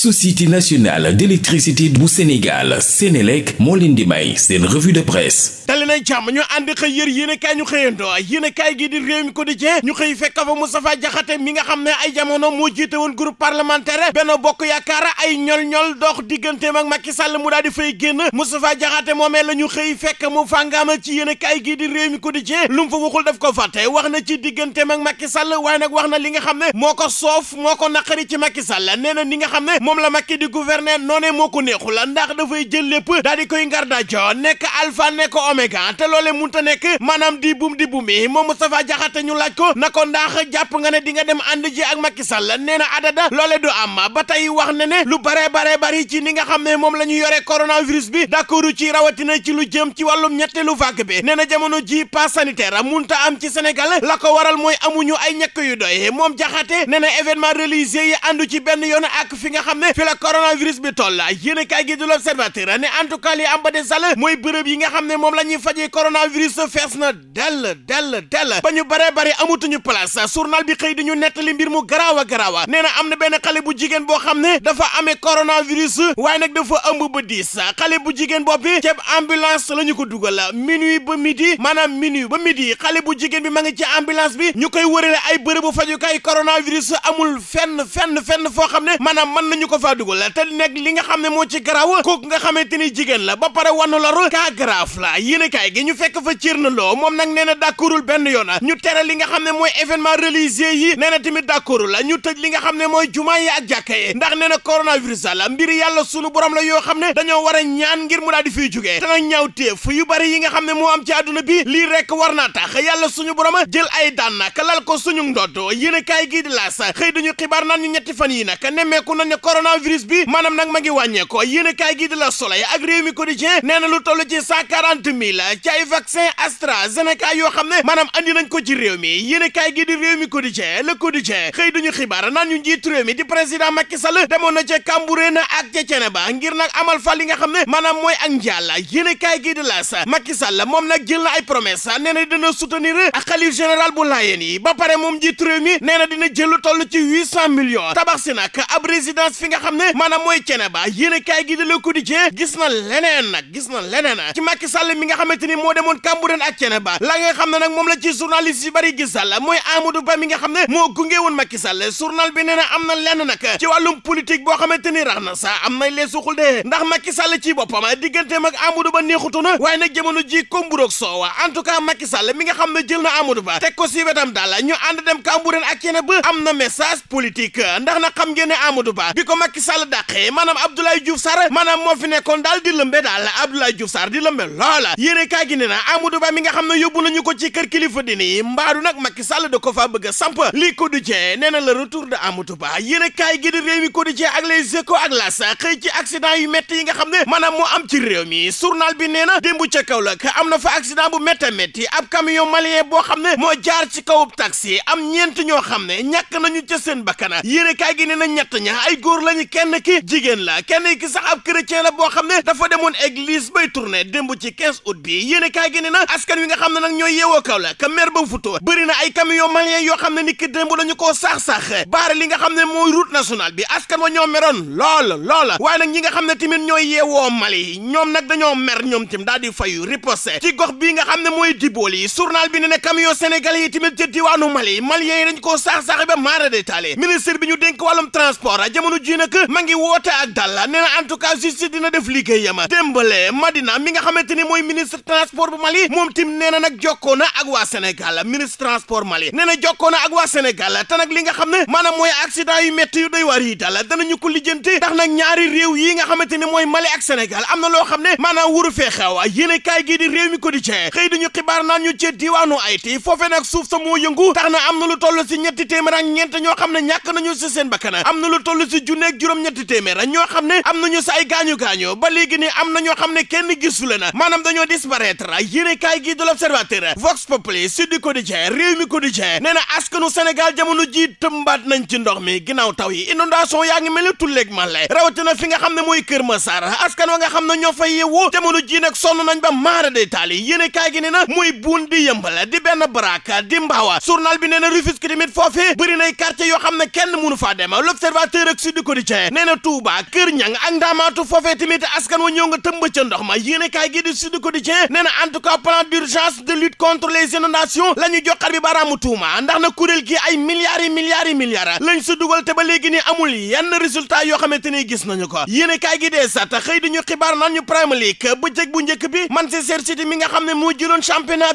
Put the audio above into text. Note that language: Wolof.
société nationale d'électricité bu Sénégal Sénélec moo leen di may seen revue de presse dali na jàmm ñu ànd xëy yër yéen a kaay ñu xëyandoo yéen a kaay gi di réew mi quotidien ñu xëy fekk fa Moustapha Diakhaté mi nga xam ne ay jamono moo jiite woon parlementaire Benno Bokk Yaakaar ay ñol-ñol dox digganteem ak Macky Sall mu daal di fay génn Moustapha Diakhaté moomee la ñu xëy fekk mu fàngaama ci yéen kaay gi di réew mi quotidien lu mu fa waxul daf ko fàtte na ci digganteem ak Macky Sall waaye nag na li xam ne moo ko soof moo moom la Macky di gouverner noonee moo ko neexul ndax dafay jël lépp daal di koy ngar daajo nekk alpha nekk oméga di bum di bumi moom Moustapha Diakhaté ñu laaj ko na ko ndax jàpp nga ne di nga dem ànd ji ak Macky Sall nee na adada loole du am ba tey wax na ne lu bare bare bari ci ni nga xam ne moom la ñu yore coronavirus bi d'accord ci rawatina ci lu jëm ci wàllum ñetteelu vague bi nee na jamono ji pass sanitaire munta am ci Sénégal la ko waral mooy amuñu ay ñekk yu doy moom Diakhaté nee na événement yi àndu ci benn yoon ak fi nga xam xam ne fi la coronavirus bi toll yéen a kaay gi di l'observateur ne en tout cas li am ba de sall mooy bërëb yi nga xam ne moom la ñuy fajee coronavirus fees na dell dell dell ba ñu baree bari amutuñu place journal bi xëy di ñu nettali mbir mu garaawa garaawa nee na am na benn xale bu jigéen boo xam ne dafa amee coronavirus waaye nag dafa ëmb ba diis xale bu jigéen boppi ceeb ambulance la ñu ko dugal minuit ba midi maanaam minuit ba midi xale bu jigéen bi ma ngi ci ambulance bi ñu koy wërale ay bërëbu fajukaay coronavirus amul fenn fenn fenn foo xam ne maanaam mën nañu ko faa dugal te nag li nga xam ne moo ci garaaw kooku nga xamante ni jigéen la ba pare wannu loru kaa grave la yéen kaay gi ñu fekk fa ciir na loo moom nag nee na benn yoon ñu tere li nga xam ne mooy événement religieux yi nee na tamit la ñu tëj li nga xam ne mooy jumaa yi ak jàkka yi ndax nee na coronavirus la mbiri yàlla sunu borom la yoo xam ne dañoo war a ñaan ngir mu daal di fiy jugee te nag ñaaw téef yu bari yi nga xam ne moo am ci àdduna bi lii rek war naa tax yàlla suñu borom jël ay daan nag lal ko suñu ndodd yéen kaay gi di laas xëy dañu xibaar naan ñu ñetti fan ne coronavirus bi maanaam nag ma ngi wàññeeko yéen a kaay gi di la Soleil ak réew mi quotidien nee na lu toll ci cent quarante mille ci ay vaccin AstraZeneca yoo xam ne maanaam andi nañ ko ci réew mi yéen a kaay gi di réew mi quotidien le quotidien xëy duñu xibaar naan ñu njiit réew mi di président Macky Sall demoon na ca Cambérène ak ca ngir nag amal fa xam ne maanaam mooy ak njàlla yéen a kaay gi di L'As Macky Sall moom nag na ay promesse nee na dina soutenir a xalif général bu laayeen yi ba pare moom njiit réew mi nee na dina jël lu toll ci huit nga xam ne maanaam mooy Thiénaba yéenekaay gi di Le Quotidien gis na leneen nag gis na leneen ci Macky Sall mi nga xamante ni moo demoon Cambérène ak Thiénaba la xam ne nag moom la ci journaliste yu bari gisal mooy Amadou mi nga xam ne moo gunge woon Macky Sall journal bi nee na am na lenn nag ci wàllum politique boo xamante ni rax na sa am nay lee suxul de ndax Macky Sall ci boppam digganteem ak Amadou Ba neexutu na waaye nag jamono ji komburoog soowa en tout cas Macky Sall mi nga xam ne jël na Amadou Ba teg ko si wetam daal ñu ànd na xam ngeen ne Macky Sall dàqee maanaam Abdoulaye Diouf Sarr maanaam moo fi nekkoon daal di lëmbe daal Abdoulaye Diouf Sarr di lëmbe loola yéene kaay gi ne na mi nga xam ne yóbbu nañu ko ci kër kilifa dini mbaadu nag Macky Sall da ko faa bëgg a samp lii ko du cee nee na le retour de Amadou gi di réew mi ko du cee ak les échos ak las xëy ci accident yu métti yi nga xam ne maanaam moo am ci réew mi journal bi nee na démb ca Kaolack am na fa accident bu métti métti ab camion boo xam ne moo jaar ci kawub taxi am ñeent ñoo xam ne ñàkk nañu ca seen bakkana yéene kaay gi nee ñett ña ay góor la lañu kenn ki jigéen la kenn ki sax ab chrétien boo xam ne dafa demoon église bay tourné démb ci 15 août bi yéene kaay gi ne na askan wi nga xam ne nag ñooy yeewoo kaw la ka mer ba futo bëri na ay camion malien xam ne ni ki démb la ñu koo sax li nga xam ne mooy route nationale bi askan wa ñoo meroon lool lool waaye nag ñi nga xam ne tamit ñooy yeewoo Mali ñoom nag dañoo mer ñoom tim daal di fayu riposte ci gox bii nga xam ne mooy dibool yi journal bi ne ne camion sénégalais yi tamit ca diwaanu Mali malien yi dañ koo sax-sax ba maara détaillé ministre bi ñu dénk wàllum transport jamono ji ji nag ma ngi woote ak dalla nee na en tout cas justice dina def liggéeyam Dembélé mi nga xamante ni mooy ministre transport bu Mali moom tim nee na nag jokkoo na ak waa Sénégal ministre transport Mali nee na jokkoo na ak waa Sénégal te li nga xam ne maanaam mooy accident yu métti yu doy waar yi dalla danañu ko lijjanti ndax na ñaari réew yi nga xamante ni mooy Mali ak Sénégal am na loo xam ne maanaam wuru fee xew yéen kaay gii di réew mi quotidien xëy dañu xibaar naan ñu ci diwaanu Haïti foofee nag suuf sa na am na lu toll si ñetti téeméer ak ñeent ñoo xam ne ñàkk nañu si seen bakkan am na lu toll si junne ak juróom-ñetti téeméer ñoo xam ne am nañu sa ay gaañu-gaañu ba léegi ni am na ñoo xam ne kenn gisule na maanaam dañoo disparaître yéene kaay gi de l'Observateur Vox Populi Sud Quotidien Rewmi Quotidien nee na askanu Sénégal jamono ji tëmbaat nañ ci ndox mi ginnaaw taw yi inondation yaa ngi mel ni tulleeg male rawatina fi nga xam ne mooy Kër Massar askan wa nga xam na ñoo fa yeewoo jamono ji nag sonn nañ ba maara de taali yéene kaay gi ne na muy buun di yëmbal di benn baraka di mbaawa journal bi nee na Rufisque tamit foofee bëri nay quartier yoo faa dem l'Observateur ak Sud Quotidien nee Kër Ñang ak Ndaamaatu foofee tamit askan wa ñëw nga tëmb ca ndox ma yéene gi di Sud Quotidien nee na en plan d'urgence de lutte contre les inondations la ñu baraamu tuuma ndax na kuréel gi ay milliards yi milliards yi milliards lañ sa dugal te ba léegi ni amul yenn résultat yoo xamante ni gis nañu ko yéene gi dee sat xëy di ñu xibaar naan ñu Premier bu njëkk bi Manchester City mi nga xam ne moo jëloon championnat